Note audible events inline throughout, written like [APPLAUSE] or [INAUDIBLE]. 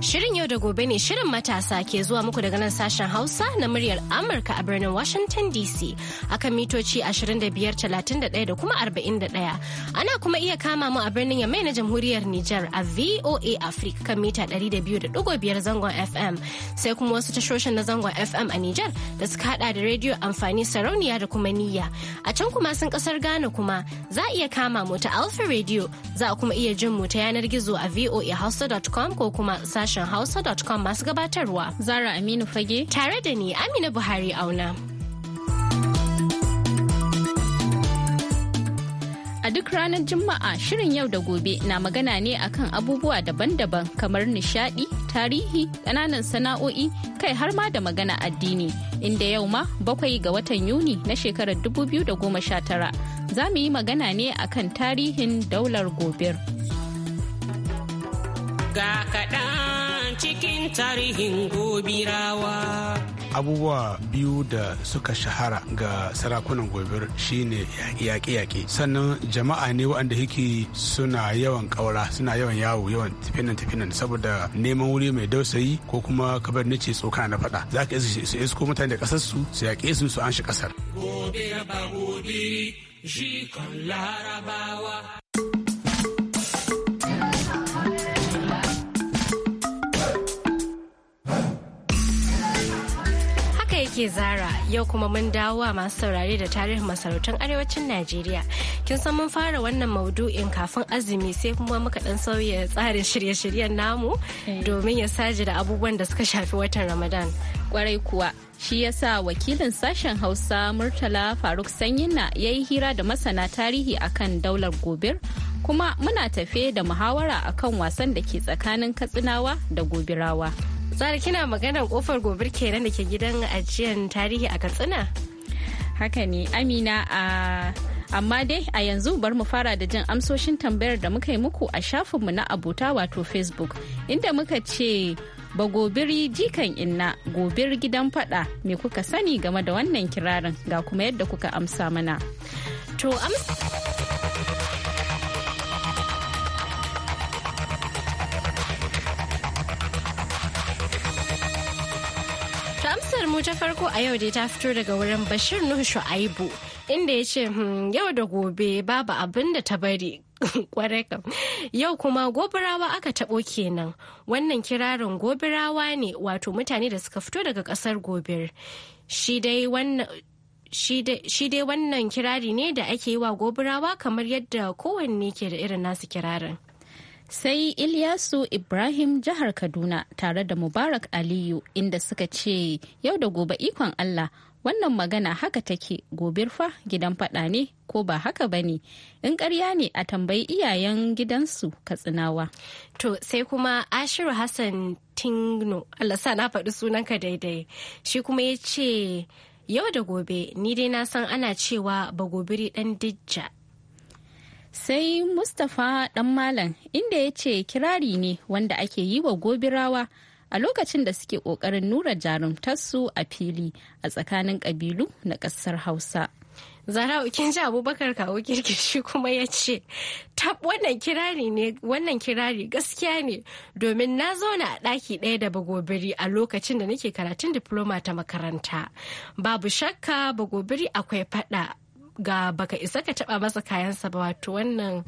Shirin yau da gobe ne shirin matasa ke zuwa muku daga nan sashen Hausa na muryar Amurka a birnin Washington DC akan mitoci 25,31 da kuma 41. Ana kuma iya kama mu a birnin Yamai na Jamhuriyar Nijar a VOA Africa kan mita 200.5 zangon FM sai kuma wasu tashoshin na zangon FM a Nijar da suka hada da rediyo amfani sarauniya da kuma niyya. A can kuma sun kasar Ghana kuma za a iya kama mu ta Alpha Radio za a kuma iya jin mu ta yanar gizo a voahausa.com ko kuma sashen hausa.com masu gabatarwa zara aminu fage tare da ni amina buhari auna. a duk ranar Juma'a shirin yau da gobe na magana ne akan abubuwa daban-daban kamar nishadi, tarihi, ƙananan sana'o'i, kai har ma da magana addini. Inda yau ma bakwai ga watan Yuni na shekarar 2019 za mu yi magana ne akan tarihin daular gobir. Ga kaɗan tarihin gobirawa. abubuwa biyu da suka shahara ga sarakunan gobir shine yaƙe-yaƙe sannan jama'a ne waɗanda yake suna yawan ƙaura suna yawan yawo yawan tafinan tafinan saboda neman wuri mai dausayi ko kuma kabar nace tsoka na faɗa za ka su isko mutane da ƙasar su su yaƙe su su an shi ƙasar. ke zara yau kuma mun dawo wa masu saurare da tarihin masarautun arewacin najeriya kin san mun fara wannan maudu'in kafin azumi sai kuma muka dan sauya tsarin shirye-shiryen namu eh. domin ya saji da abubuwan da suka shafi watan ramadan kwarai kuwa shi ya sa wakilin sashen hausa murtala faruk sanyina ya yi hira da masana tarihi akan daular gobir kuma muna tafe da muhawara akan wasan da ke tsakanin katsinawa da gobirawa. zara kina maganar kofar gobir kenan da ke gidan ajiyar tarihi a Katsina? Haka ne, Amina a Amma dai a yanzu bar mu fara da jin amsoshin tambayar da muka yi muku a shafinmu na abota wato Facebook inda muka ce ba gobiri jikan inna gobir gidan fada me kuka sani game da wannan kirarin ga kuma yadda kuka amsa mana. To amsa Amsar mu ta farko a yau dai ta fito daga wurin Bashir Nuhu Shu'aibu inda ya ce hmm, yau da gobe babu abin da ta bari [LAUGHS] kwarai kam yau kuma gobirawa aka taɓo kenan wannan kirarin gobirawa ne wato mutane da suka fito daga ƙasar gobir shi wannan shi dai wannan kirari ne da ake yi wa gobirawa kamar yadda kowanne ke da irin nasu kirarin sai Ilyasu Ibrahim jihar Kaduna tare da Mubarak Aliyu inda suka ce yau da gobe ikon Allah wannan magana haka take gobir fa gidan fada ne ko ba haka ba ne in karya ne a tambayi iyayen gidansu katsinawa. To sai kuma Ashiru Hassan Tingno Allah sa na faɗi sunanka daidai shi kuma ya ce yau da gobe ni dai na san ana cewa ba gobiri ɗan dijja sai mustapha dan malam inda ya ce kirari ne wanda ake yi wa gobirawa a lokacin da suke kokarin nura jarumtarsu a fili a tsakanin kabilu na kasar hausa zara ji abubakar kawo kirkishi kuma ya ce tab wannan kirari ne wannan kirari gaskiya ne domin na zauna a ɗaki ɗaya da bagobiri a lokacin da nake karatun diploma ta makaranta babu shakka bagobiri akwai faɗa ga baka isa ka taba masa kayansa ba wato wannan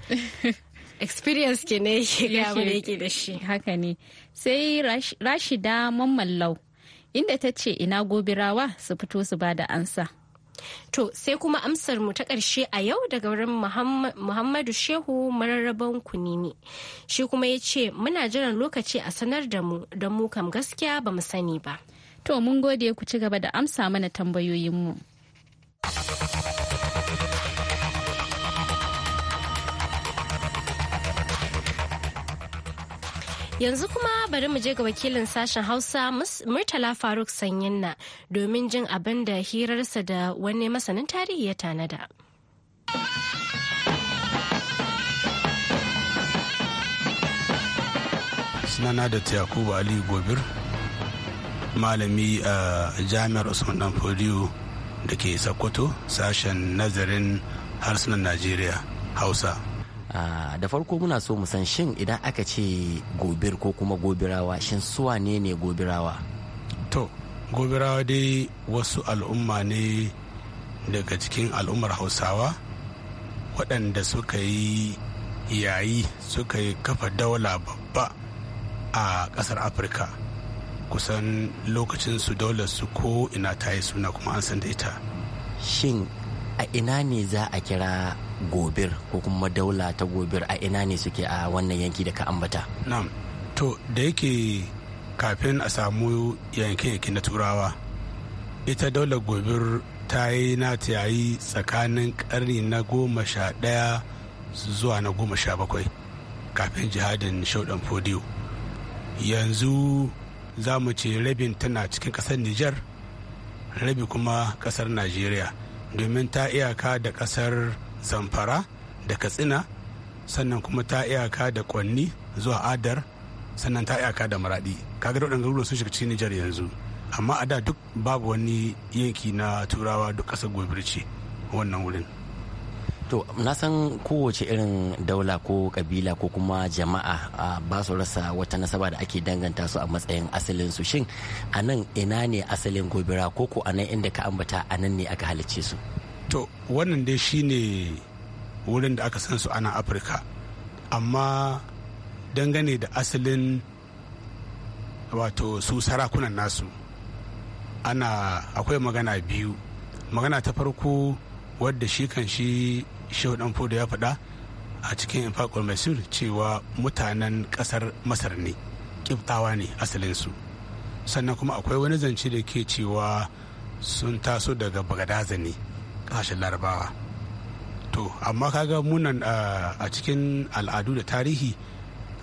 [LAUGHS] experience ke ne yake yake da shi haka ne sai rashida mammallau inda ta ce ina gobirawa su fito su ba da ansa To sai kuma amsar mu ta ƙarshe a yau daga wurin Muhammadu Shehu mararraban kunini. Shi kuma ya ce muna jiran lokaci a sanar da mu don mu kam gaskiya ba mu sani ba. To mun gode ku ci gaba da amsa mana tambayoyinmu. Yanzu kuma bari mu je ga wakilin sashen Hausa Murtala Faruk Sanyinna domin jin abin da hirarsa da wani masanin tarihi ya tanada. sunana da ta yakubu ali gobir malami a jami'ar usman dan fodiyo da ke sokoto sashen nazarin harsunan najeriya hausa Ah, da farko muna so mu san shin idan aka ce gobir ko kuma gobirawa shin suwa ne ne gobirawa to gobirawa dai wasu al'umma ne daga cikin al'ummar hausawa waɗanda suka yi yayi suka yi kafa daula babba a ƙasar afirka kusan lokacin su daular su ko ina ta yi suna kuma an san da ita shin a ina ne za a kira gobir ko kuma daula ta gobir a ina ne suke a wannan yanki da ka ambata na'am to da yake kafin a samu yankin yankin na turawa ita daula gobir ta yi na ta yayi tsakanin karni na goma sha ɗaya zuwa na goma sha bakwai kafin jihadin shaudan fodiyo yanzu za mu ce rabin tana cikin ƙasar niger rabi kuma ƙasar najeriya domin ta iyaka da kasar zamfara da katsina sannan kuma ta iyaka da kwanni zuwa adar sannan ta iyaka da maradi kaga waɗanda garuruwa sun shiga cikin nijar yanzu amma a da duk babu wani yanki na turawa duk ƙasar gobirci wannan wurin to na san kowace irin daula ko kabila ko kuma jama'a ba su rasa wata nasaba da ake danganta su a matsayin asalin su shin a nan ina ne asalin gobira ko ko a nan inda ka ambata a nan ne aka halicce su to wannan dai shine wurin da aka san su ana afirka amma dangane da asalin wato su sarakunan nasu ana akwai magana biyu magana ta farko wadda shi kan shi shehu dan fodo ya faɗa a cikin infaqul masir cewa mutanen ƙasar masar ne kiftawa ne asalinsu sannan kuma akwai wani zance da ke cewa sun taso daga bagadaza ne kasashen larabawa to amma kaga munan a cikin al'adu da tarihi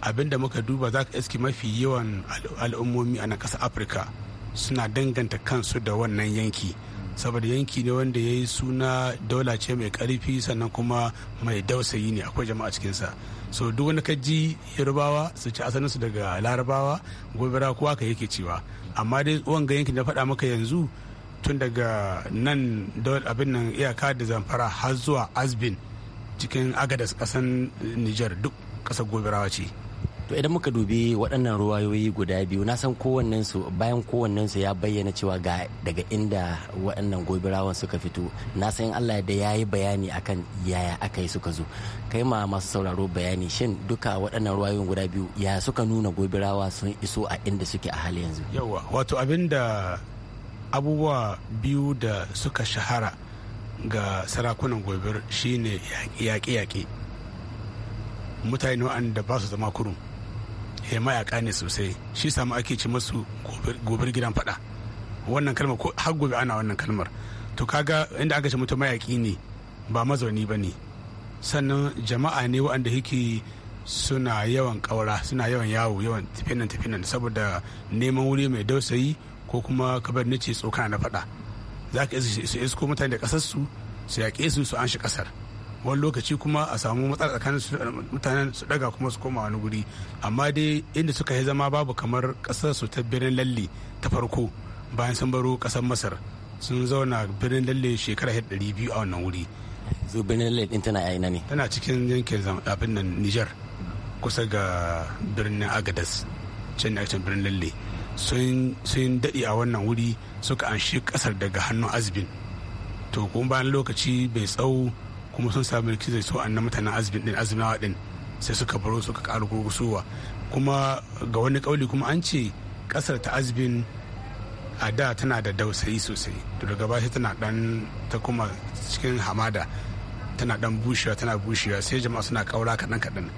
abinda muka duba za ka iski mafi yawan al'ummomi a na ƙasar afirka suna danganta kansu da wannan yanki saboda yanki ne wanda ya yi suna daula ce mai karfi sannan kuma mai dausayi ne akwai jama'a cikinsa so duk wani kaji yarubawa su ci asalinsu daga larabawa gobera kowa ka yake cewa amma dai wanga yanki na faɗa maka yanzu tun daga nan abin nan iyaka da zamfara har zuwa asbin cikin agadas ƙasan niger duk ƙasar goberawa ce to idan muka dubi waɗannan ruwayoyi guda biyu na san kowannen su bayan kowannen su ya bayyana cewa ga daga inda waɗannan gobirawan suka fito na san Allah da ya yi bayani akan yaya aka yi suka zo kai ma masu sauraro bayani shin duka waɗannan ruwayoyin guda biyu ya suka nuna gobirawa sun iso a inda suke a hali yanzu yawa wato abinda abubuwa biyu da suka shahara ga sarakunan gobir shine yaƙi yaƙi mutane wa'anda ba su zama kurum ya eh, mayaka ne sosai shi samu ake ci masu gobir gidan fada wannan kalmar ko har gobe ana wannan kalmar to kaga inda aka ce mutum mayaki ne ba mazauni ba ne sannan jama'a ne waɗanda yake suna yawan kaura suna yawan yawo yawan tafinan tafinan saboda neman wuri mai dausayi ko kuma kabar nace tsokana na faɗa za ka isko mutane da ƙasarsu su yaƙe su su an shi ƙasar wani lokaci kuma a samu matsala tsakanin mutanen su daga kuma su koma wani guri amma dai inda suka yi zama babu kamar kasar su ta birnin lalle ta farko bayan sun baro kasar masar sun zauna birnin lalle shekara 200 a wannan wuri zo birnin lalle din tana yayi ne tana cikin yankin abin nan niger kusa ga birnin agadas can ne birnin lalle sun daɗe a wannan wuri suka anshi ƙasar daga hannun azbin to kuma bayan lokaci bai tsawo kuma sun samu rikici so an na mutanen azumin din azumawa din sai suka baro suka karu gurgusowa kuma ga wani kauli kuma an ce ƙasar ta azbin a da tana da dausayi sosai to daga baya tana dan ta kuma cikin hamada tana dan bushewa tana bushewa sai jama'a suna kaura kaɗan kaɗan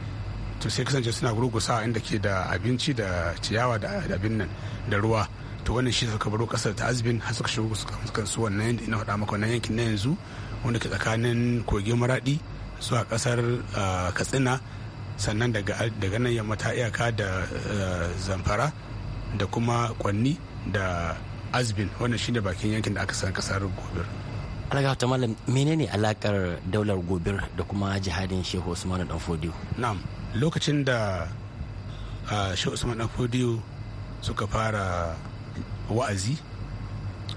to sai kasance suna gurgusa inda ke da abinci da ciyawa da abin nan da ruwa to wannan shi suka baro kasar ta azbin har suka shigo suka kansu wannan yadda ina faɗa maka wannan yankin na yanzu wanda ke tsakanin kogin maradi zuwa kasar katsina sannan daga nan yamma ta iyaka da zamfara da kuma kwanni da azbin wannan shine bakin yankin da aka san kasar gobir alaga ta malam menene alakar daular gobir da kuma jihadin shehu usman dan fodiyo na'am lokacin da shehu usman dan fodiyo suka fara wa'azi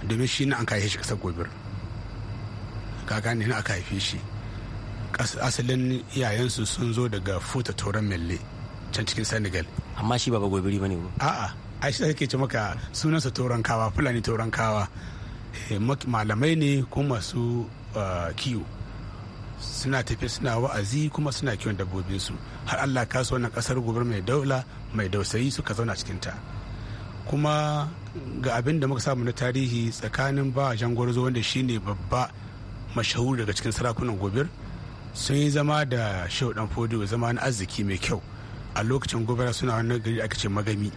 domin shi na an kai shi kasar gobir kaka ne na aka haife shi asalin iyayensu sun zo daga futa toron melle can cikin senegal amma shi baba gobiri ba ne a'a ai shi ake ce maka sunansa toron kawa fulani toron kawa eh, malamai ne kuma masu ah, kiwo suna tafi suna wa'azi kuma suna kiwon dabbobinsu har allah ka so na kasar gobe mai daula mai dausayi suka zauna cikin ta kuma ga abin da muka samu na tarihi tsakanin ba jangwarzo wanda shine babba mashahuri daga cikin sarakunan gobir sun yi zama da shehu dan fodiyo zama na arziki mai kyau a lokacin gobara suna wani gari ake ce magami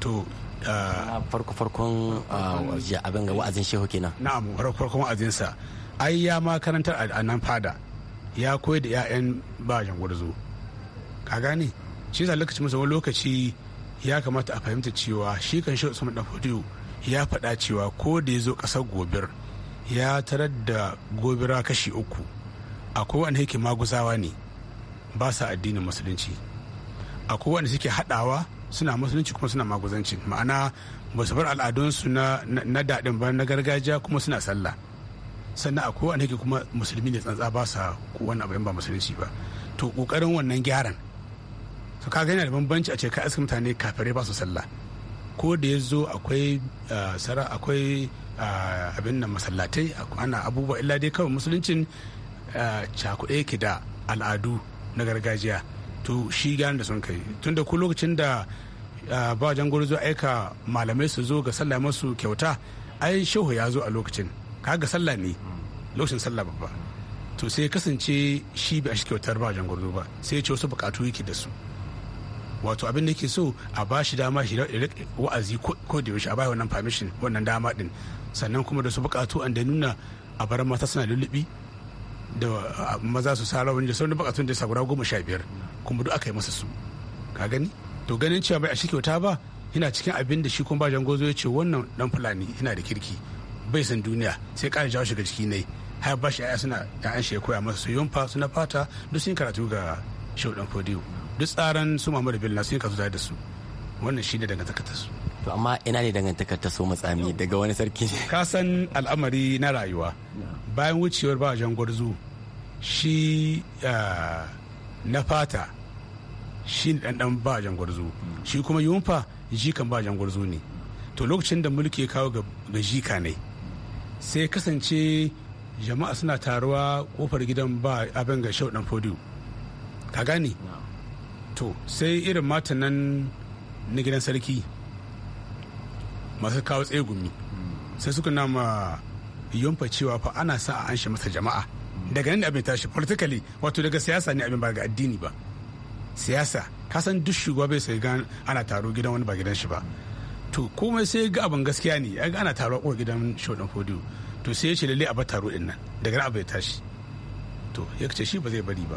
to ah, farko farkon ah, abin ga wa'azin shehu kenan na'am farkon wa'azinsa ai ya ma karantar a nan fada ya koyi da 'ya'yan bajan gwarzo ka gane shi sa lokacin musamman lokaci ya kamata a fahimta cewa shi kan shi usman dan fodiyo ya faɗa cewa ko da ya zo ƙasar gobir ya tarar da gobira kashi uku akwai wani yake maguzawa ne ba sa addinin musulunci akwai wanda suke hadawa suna musulunci kuma suna maguzanci ma'ana ba su bar al'adunsu na daɗin ba na gargajiya kuma suna sallah sannan akwai wanda yake kuma musulmi ne tsantsa ba sa wani abu ba musulunci ba to ƙoƙarin wannan gyaran su ka gani da bambanci a ce ka mutane kafirai ba su sallah ko da ya zo akwai ah, sara akwai abin nan masallatai ana abubuwa illa dai kawai musuluncin cakuɗe yake da al'adu na gargajiya to shi gane da sun kai tun da ku lokacin da ba wajen gwari zo aika malamai su zo ga sallah masu kyauta ai shehu ya zo a lokacin kaga sallah ne lokacin sallah babba to sai kasance shi bai a shi kyautar ba wajen gwarzo ba sai ya ce wasu bukatu yake da su wato abin da ke so a ba shi dama shi wa'azi ko da yaushe a bai wannan permission wannan dama din sannan kuma da su bukatu an da nuna a bar mata suna lullubi da maza su sara wani da sauran bukatun da sagura goma sha biyar kuma duk aka yi masa su ka gani to ganin cewa bai a shi kyauta ba yana cikin abin da shi kuma ba jangozo ya ce wannan dan fulani yana da kirki bai san duniya sai ƙara jawo shiga ciki ne har ba shi 'ya'ya suna 'ya'yan shi ya koya masa su yunfa suna fata duk sun karatu ga shaudan fodiyo duk tsaran su Muhammadu Bello na sun kasu da su wannan ne dangantakar ta su to amma ina ne dangantakar ta so matsami daga wani sarki ne ka san al'amari na rayuwa bayan wucewar ba wajen gwarzo shi ah, na fata shi ne ɗanɗan ba wajen gwarzo shi kuma yunfa jikan ba wajen gwarzo ne to lokacin da mulki ya kawo ga jika ne sai kasance jama'a suna taruwa kofar gidan ba abin ga shaudan fodiyo ka gane to sai irin matan nan na gidan sarki masu kawo tsegumi sai suka nama yunfa cewa fa ana sa a anshe masa jama'a daga nan abin tashi politically wato daga siyasa ne abin ba ga addini ba siyasa ka san duk shugaba bai sai gan ana taro gidan wani ba gidan shi ba to komai sai ga abin gaskiya ne ga ana taro a gidan shodan fodiyo to sai ya ce lalle a ba taro din nan daga nan abin tashi to ya ce shi ba zai bari ba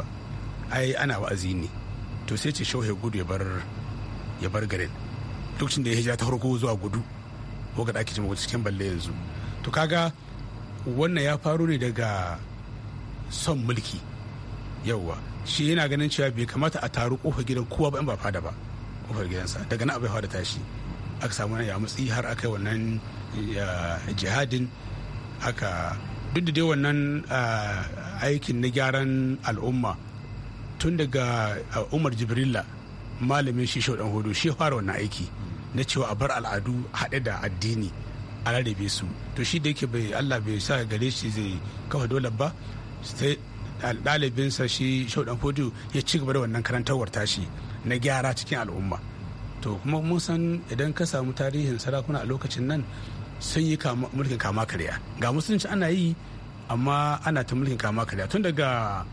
ai ana wa'azi ne to sai ce shauhe gudu ya bar garin lokacin da ya hijira ta farko zuwa gudu ko ga ɗaki cikin cikin balle yanzu to kaga wannan ya faru ne daga son mulki yauwa shi yana ganin cewa bai kamata a taru kofar gidan kowa ba in ba fada ba kofar gidansa daga nan abai fada tashi aka samu ya mutsi har aka yi wannan jihadin aka duk da dai wannan aikin na gyaran al'umma tun daga uh, umar jibrilla malamin shi shaudan hudu shi fara wannan aiki na cewa a bar al'adu haɗe da addini a rarrabe su to shi da yake bai allah bai sa gare shi zai kafa dole ba sai ɗalibinsa shi shaudan hudu ya ci gaba da wannan karantarwar tashi na gyara cikin al'umma to kuma mun san idan ka samu tarihin sarakuna a lokacin nan sun yi mulkin kama karya ga musulunci ana yi amma ana ta mulkin kama karya tun daga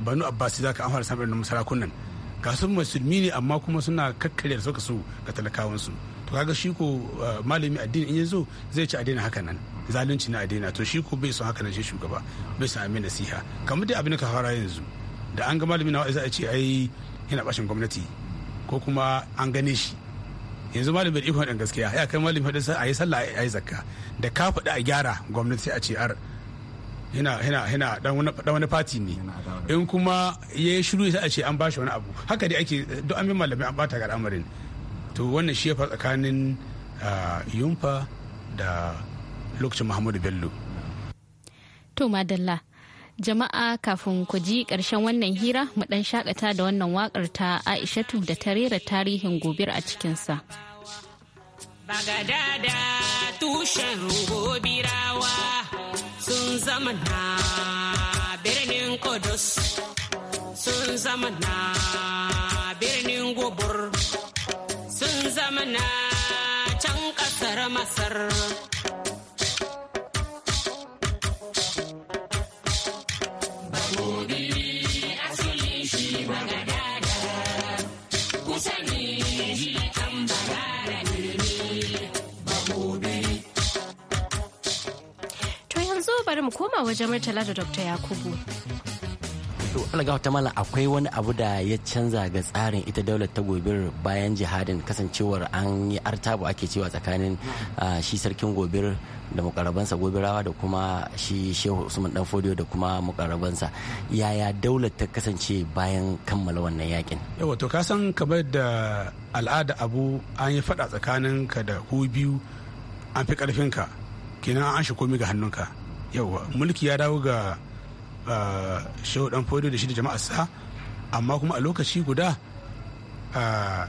banu abbasi za ka an fara samun sarakunan ga sun musulmi ne amma kuma suna kakkarya da suka so ga talakawansu to kaga shi ko malami addini in ya zo zai ci addini haka nan zalunci na addini to shi ko bai son haka nan shi shugaba bai son amin nasiha kamar dai abin da ka fara yanzu da an ga malami na za a ce ai yana bashin gwamnati ko kuma an gane shi yanzu malami bai da ikon gaskiya ya kai malami a yi sallah a yi zakka da ka faɗi a gyara gwamnati a ce ar hina hina hina dan wani dan ne in kuma ya shiru sai a ce an bashi wani abu haka dai ake duk an bi an bata ga al'amarin to wannan shi ya fa tsakanin ah, yunfa da lokacin Muhammadu Bello to madalla jama'a kafin ku ji ƙarshen wannan hira mu dan shakata da wannan wakar ta Aishatu da ta rera tarihin gobir a cikinsa. Bagadada tushen sun zama na birnin kudus sun zama na birnin gobur sun zama na can kasar masar bari mu koma wajen Murtala da Dr. Yakubu. To ga wata mala akwai wani abu da ya canza ga tsarin ita daular ta gobir bayan jihadin kasancewar an yi artabu ake cewa tsakanin mm. ah, shi sarkin gobir da mukarabansa gobirawa da kuma shi shehu usman dan fodiyo da kuma mukarabansa yaya daular ta kasance bayan kammala wannan yakin yawa to ka san kamar da al'ada abu an yi fada tsakanin ka da ku biyu an fi karfin ka kenan an shi komi ga hannunka yawa mulki ya dawo ga ah, shehu dan fodo da shi da jama'a sa amma kuma a lokaci guda ah,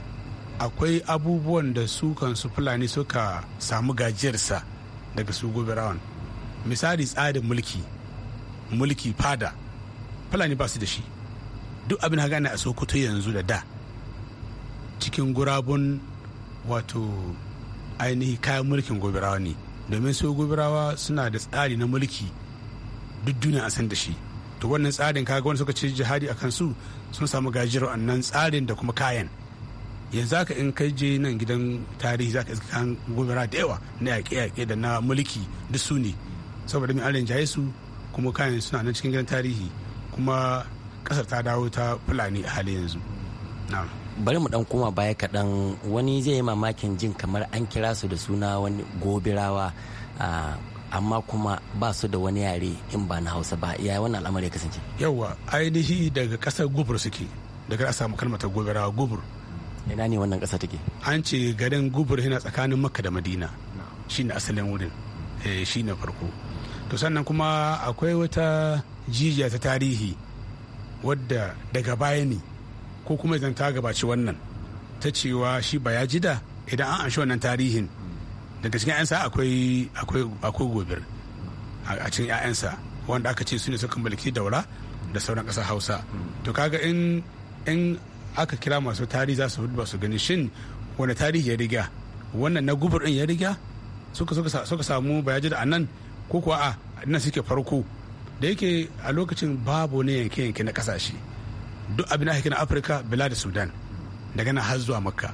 akwai abubuwan da su kansu fulani suka samu gajiyarsa daga su goberawan misali tsarin mulki mulki fada fulani ba su da shi duk abin haka ne a sokoto yanzu da da cikin gurabun wato ainihi kayan mulkin rawan ne domin su gobirawa suna da tsari na mulki duk duniya a san da shi to wannan tsarin kaga wani suka ce jihadi a kansu sun samu gajiyar wannan tsarin da kuma kayan yanzu haka in kai je nan gidan tarihi zaka iska kan gobira da yawa na yaƙe-yaƙe da na mulki duk su ne saboda mai alin jaye su kuma kayan suna nan cikin gidan tarihi kuma ƙasar ta dawo ta fulani a halin yanzu na'am bari mu dan koma baya kaɗan wani zai yi mamakin jin kamar an kira su da suna wani gobirawa amma kuma ba su da wani yare in ba na hausa ba ya wannan al'amari ya kasance yawa ainihi daga ƙasar gubur suke daga a samu kalmar ta gobirawa gubur. ina ne wannan ƙasa take an ce garin gubur yana tsakanin makka da madina shine asalin wurin eh, shine farko to sannan kuma akwai wata jijiya ta tarihi wadda daga baya ne ko kuma idan ta gabaci wannan ta cewa shi ba ya jida idan an anshi wannan tarihin daga cikin 'ya'yansa akwai akwai gobir a cikin 'ya'yansa wanda aka ce su ne suka mulki daura da sauran ƙasar hausa to kaga in in aka kira masu tarihi za su ba su gani shin wani tarihi ya riga wannan na gubur din ya riga suka samu bayaji da anan ko kuwa a ina suke farko da yake a lokacin babu ne yanke yanke na kasashe duk abin ake na afirka bila da sudan daga nan har zuwa makka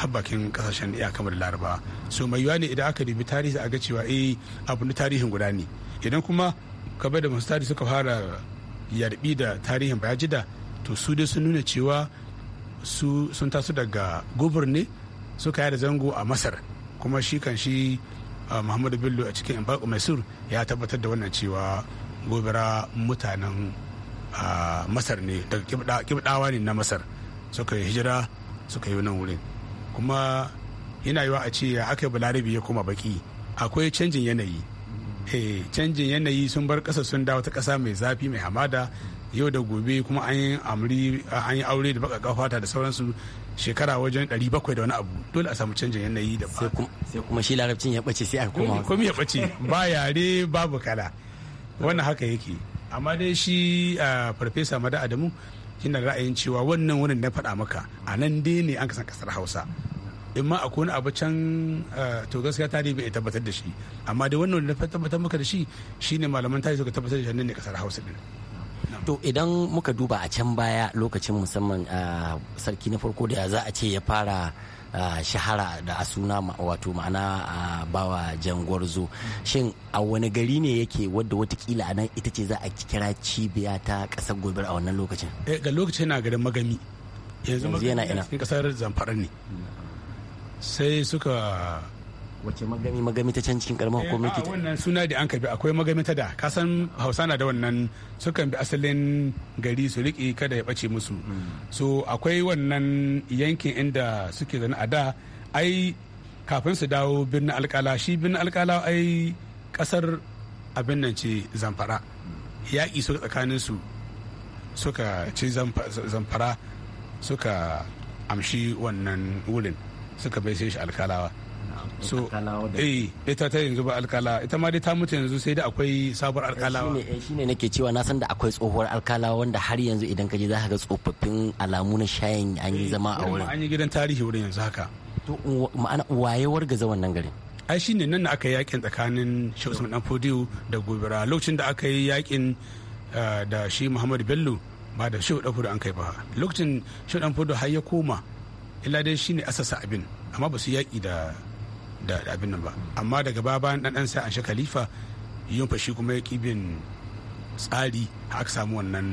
habbakin bakin kasashen iyaka da larabawa so mai yiwuwa ne idan aka dubi tarihi a ga cewa eh abu na tarihin guda ne idan kuma kabe da masu tarihi suka fara yarbi da tarihin bayajida to su dai sun nuna cewa su sun taso daga gobir ne suka yada zango a masar kuma shi kan shi ah, muhammadu bello a cikin mai sur ya tabbatar da wannan cewa gobara mutanen a masar ne daga kibdawa ne na masar suka yi hijira suka yi nan wurin kuma yana yiwa a ce aka yi balarabi ya koma baki akwai canjin yanayi eh, canjin yanayi sun bar ƙasa sun dawo ta ƙasa mai zafi mai hamada yau da gobe kuma an yi an yi aure da baka fata da sauransu shekara wajen 700 da wani abu dole a samu canjin yanayi da sai kuma shi larabcin ya bace sai a koma komai ya bace ba yare babu kala wannan haka yake amma dai shi a farfesa mada adamu shine ra'ayin cewa wannan wurin na faɗa maka a nan dai ne an kasan kasar hausa in ma akwai wani abu can to gaskiya tarihi bai tabbatar da shi amma dai wannan da tabbatar maka da shi shine malaman tarihi suka tabbatar da shi nan ne kasar Hausa din to idan muka duba a can baya lokacin musamman sarki na farko da za a ce ya fara shahara da suna wato ma'ana a bawa jangwarzo shin a wani gari ne yake wadda watakila a nan ita ce za a kira cibiya ta kasar gobe a wannan lokacin eh, ga lokacin na garin magami yanzu yana ina kasar zamfara ne sai suka wace magami magami ta can cikin karamar hukumar eh, wannan suna da an karbi akwai magami ta da kasan hausa na da wannan sukan bi asalin gari su riƙe kada ya ɓace musu mm. so akwai wannan yankin inda suke zana a da ai kafin su dawo birnin alkala shi birnin alkala ai kasar abin nan ce zamfara mm. yaƙi su tsakanin su suka ci zamfara suka amshi wannan wurin suka bai shi alkalawa so eh ita ta yanzu ba alkala ita ma dai ta mutu yanzu sai da akwai sabuwar eh, alkalawa eh, shine nake cewa na san da akwai tsohuwar alkalawa wanda har yanzu idan ka je za ka ga tsofaffin alamu na shayin an yi eh, zama a wurin an yi gidan tarihi wurin yanzu haka to ma'ana waye zaman wannan garin ai shine nan da aka yi yakin tsakanin Shehu Usman Dan da Gobira lokacin da aka yi yakin da shi Muhammadu Bello ba da Shehu Dan an kai ba lokacin Shehu Dan har ya koma illa dai shine asasa abin amma ba su yaki da da abin nan ba amma daga baya bayan dan sai an shi khalifa yin fashi kuma ya kibin tsari aka samu wannan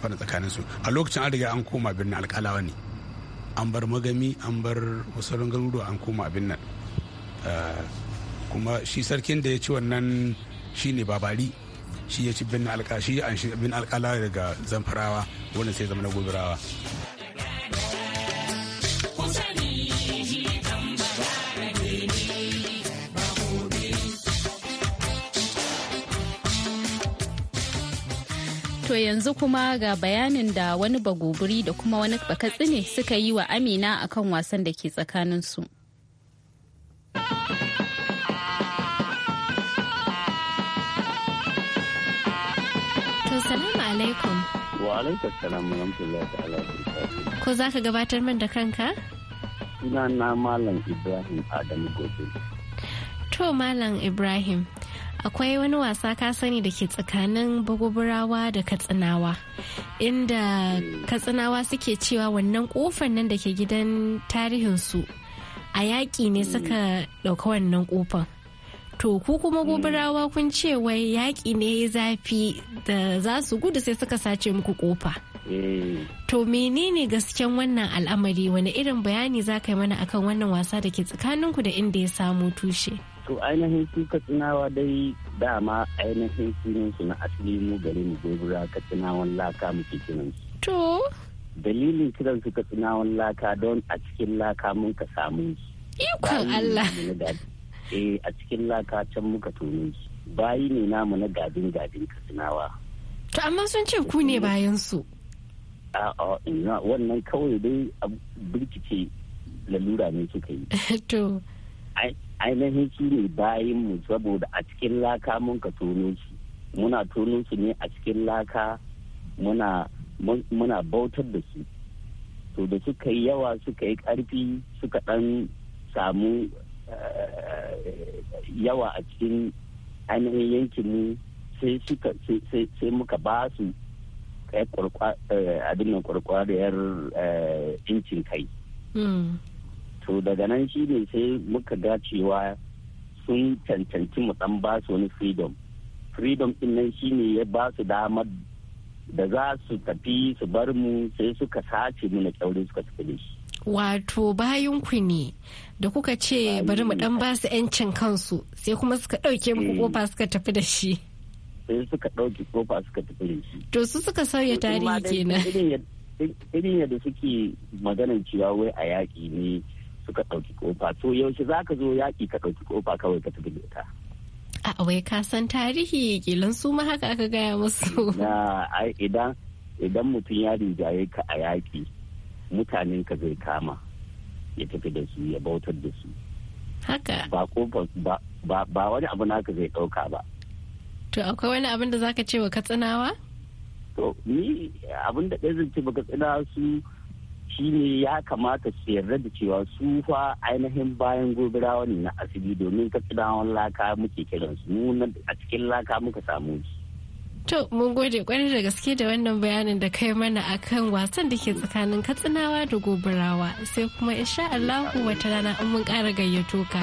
fana tsakanin su a lokacin an riga an koma birnin alƙalawa ne an bar magami an bar wasu garuruwa an koma abin nan kuma shi sarkin da ya ci wannan shi ne babari shi ya ci bin alkalawa bin daga zamfarawa wanda sai zama na gobirawa. To yanzu kuma ga bayanin da wani baguburi da kuma wani bakatsine suka yi wa Amina akan wasan da ke tsakaninsu. To salamu alaikum. Wa alaikum salam wa rahmatullahi ta'ala Ko za ka gabatar min da kanka? Sunana Malam Ibrahim Adamu Gobe. To Malam Ibrahim, akwai wani wasa ka sani da ke tsakanin bagoburawa da katsinawa inda katsinawa suke cewa wannan kofar nan da ke gidan tarihinsu a yaƙi ne suka ɗauka wannan kofar to ku kuma hmm. gobarawa kun ce wai yaƙi ne zafi da za su gudu sai suka sace muku kofa hmm. to menene gasken wannan al'amari wani irin bayani za ka yi mana akan wannan wasa da ke tsakaninku da inda ya samu tushe to ainihin su katsinawa dai dama ainihin su na asali mu gare mu ka katsinawan laka muke kiran su. to dalilin kiran su katsinawan laka don a cikin laka mun ka samu ikon Allah eh a cikin laka can muka tono su bayi ne namu na gadin gadin katsinawa to amma sun ce ku ne bayan su a'a ina wannan kawai dai a birkice lalura ne suka yi [LAUGHS] to ainihin shi ne bayanmu saboda a cikin laka mun ka tono su muna tono su ne a cikin laka muna bautar da su to da suka yi yawa suka yi ƙarfi suka ɗan samu eh, yawa a cikin ainihin yankinmu sai suka sai muka ba su eh, eh, abin nan 'yar incin kai hmm. to daga nan shi ne sai muka ga cewa sun cancanci mu dan ba su wani freedom freedom din nan shi ne ya ba su damar da za su tafi su bar mu sai suka sace mu na kyaure suka tafi da shi wato bayan ku ne da kuka ce bari mu dan ba su yancin kansu sai kuma suka dauke muku kofa eh. suka tafi da shi sai suka dauke kofa suka tafi da shi to su suka sauya tarihi kenan irin yadda suke maganar cewa wai a yaƙi ne suka ɗauki kofa to yaushe za ka zo yaƙi ka ɗauki kofa kawai ka tafi da ita. a wai ka san tarihi kilan su ma haka aka gaya musu na idan idan mutum ya rinjaye ka a yaƙi mutanen ka zai kama ya tafi da su ya bautar da su haka ba kofa ba wani abu naka zai ɗauka ba to akwai wani abin da za ka ce wa katsinawa to ni abin da ɗaya zan ce ba katsinawa su shine ya kamata su yarda da cewa su fa ainihin bayan gobirawa ne na asibi domin katsinawan laka muke kiransu nuna a cikin laka muka samu shi. To, mun gode kwarai da gaske da wannan bayanin da kai mana akan wasan da ke tsakanin katsinawa da gobarawa sai kuma insha Allahu wata rana in mun kara gayyato ka.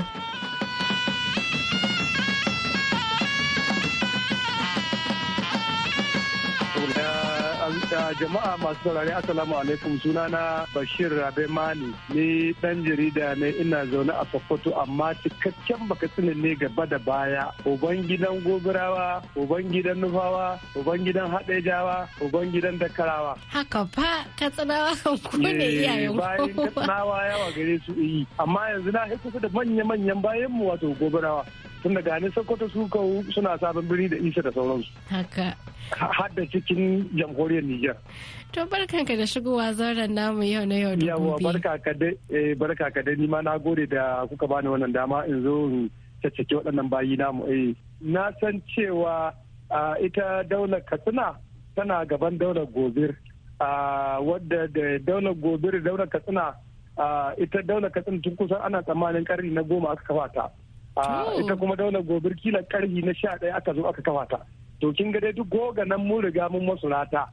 da jama'a masu saurari assalamu alaikum sunana bashir rabe mani ni dan jarida ne ina zaune a sokoto amma cikakken tsinin ne gaba da baya uban gidan gobirawa uban gidan nufawa uban gidan haɗejawa uban gidan dakarawa haka fa katsinawa kan ku ne eh, iyayen bayan katsinawa yawa gare su yi eh. amma yanzu na kusa da manya-manyan bayan mu wato gobirawa tun daga hannun sokoto su suna sabon birni da isa da sauransu haka har da cikin jamhuriyar niger to barkanka da shigowa zauren namu yau na yau da gobe barka ka dai eh, nima na gode da kuka bani wannan dama in zo in caccake waɗannan bayi namu eh na san cewa ita daular katsina tana gaban daular gobir wadda da daular gobir daular katsina ita daular katsina tun kusan ana tsammanin karni na goma aka kafa ta Oh. ita kuma daular gobir kila karhi na sha ɗaya aka zo aka kafa ta to kin ga dai duk goga nan mun riga mun masu rata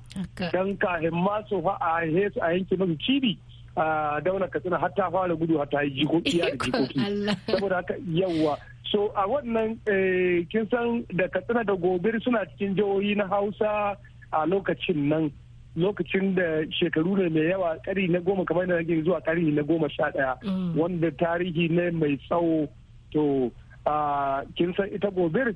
dan kahin ma su fa a hesu a yanke musu cibi a daular katsina har ta fara gudu har ta yi jikoki da [LAUGHS] jikoki saboda haka yawa so a wannan eh, kin san da katsina da gobir suna cikin jihohi na hausa a lokacin nan lokacin da shekaru ne mai yawa kari na goma kamar da nake zuwa kari na goma sha daya mm. wanda tarihi ne mai tsawo to kin san ita gobir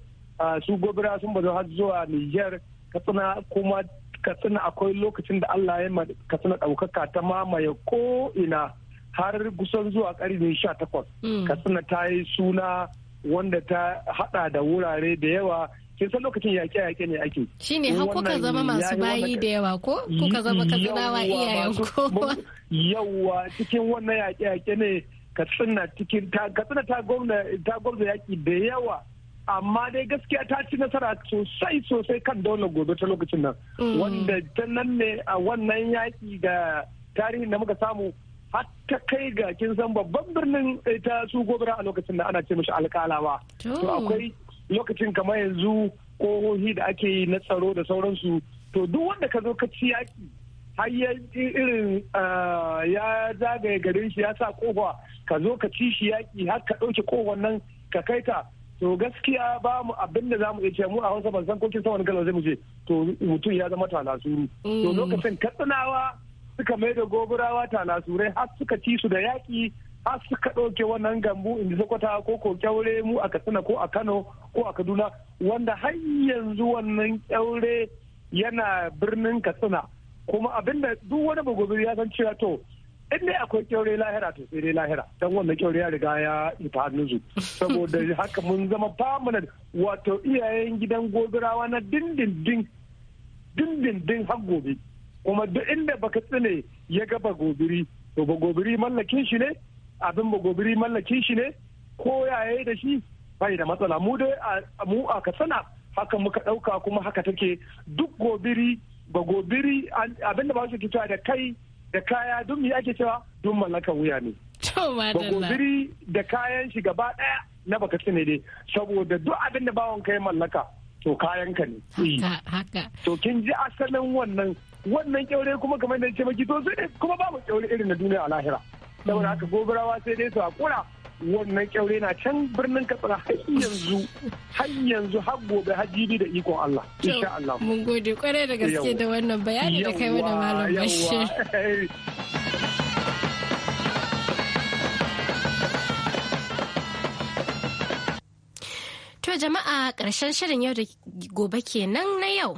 su gobira sun bazo har zuwa Niger katsina kuma katsina akwai lokacin da Allah ya katsina ɗaukaka ta mamaye ko ina har kusan zuwa karni 18 mm. katsina ta yi suna wanda ta hada da wurare da yawa kin san lokacin yaƙe-yaƙe ne ake ne har kuka zama masu bayi da yawa ko kuka zama katsinawa iyayen ko yawa cikin wannan yaƙe-yaƙe ne katsina cikin katsina ta gwamna ta gwamna yaki da yawa amma dai gaskiya ta ci nasara sosai sosai kan dauna gobe ta lokacin nan mm. wanda ta nan ne a wannan yaƙi da tarihin da muka samu har kai ga kin san babban birnin eh, ta su gobira a lokacin da ana ce mishi alkalawa to akwai lokacin kamar yanzu kohohi da ake yi na tsaro da sauransu to duk wanda ka zo ka ci yaki har ya irin ah, ya zagaye garin shi ya sa kofa ka zo ka ci shi yaki har ka ɗauke kofar nan ka kai ta to gaskiya ba mu abin da zamu iya ce mu a Hausa ban san ko kin san wani galau zai mu je to mutum ya zama talasuru to mm. lokacin katsinawa suka mai da goburawa talasurai har suka ci su da yaki har suka ɗauke wannan gambu inda sokota ko ko kyaure mu a Katsina ko a Kano ko a Kaduna wanda har yanzu wannan kyaure yana birnin Katsina kuma abinda duk wani magobiri ya san cewa to in dai akwai kyaure lahira to sai dai lahira don wannan kyaure ya riga ya ita su saboda haka mun zama permanent wato iyayen gidan gobirawa na dindindin dindindin har gobe kuma duk inda baka tsine ya ga bagobiri to bagobiri mallakin shi ne abin bagobiri mallakin shi ne ko yaye da shi bai da matsala mu dai mu a sana haka muka ɗauka kuma haka take duk gobiri ba gobiri abinda ba su ke da kai da kaya don me ake cewa dun mallakar wuya ne ba gobiri da kayan shi gaba ɗaya na baka ne dai saboda duk abinda bawon kai mallaka to kayan ka ne to kin ji asalin wannan wannan kyaure kuma kamar da ce maki to sai kuma babu kyaure irin na duniya a lahira saboda haka gobirawa sai dai su hakura wannan kyaure na can birnin katsina har yanzu har yanzu har gobe har jibi da ikon Allah insha Allah mun gode kwarai da gaske da wannan bayani da kai wa da malam Bashir To jama'a ƙarshen shirin yau da gobe kenan na yau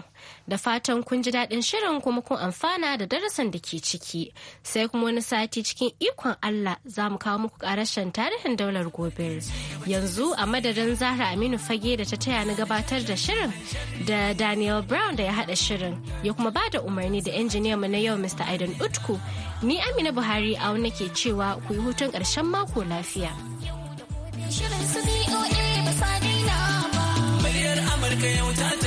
Da fatan kun ji daɗin shirin kuma kun amfana da darasin da ke ciki. Sai kuma wani sati cikin ikon Allah za mu kawo muku ƙarashen tarihin daular gobe. Yanzu a madadin Zahra Aminu Fage da ta taya ni gabatar da shirin da Daniel Brown da ya haɗa shirin ya kuma ba da umarni da injiniyan mu na yau Mr. Aidan Utku. Ni Amina Buhari a wani ke cewa ku yi hutun ƙarshen mako lafiya. Shirin su BOA ba sa daina ba. Muryar Amurka yau ta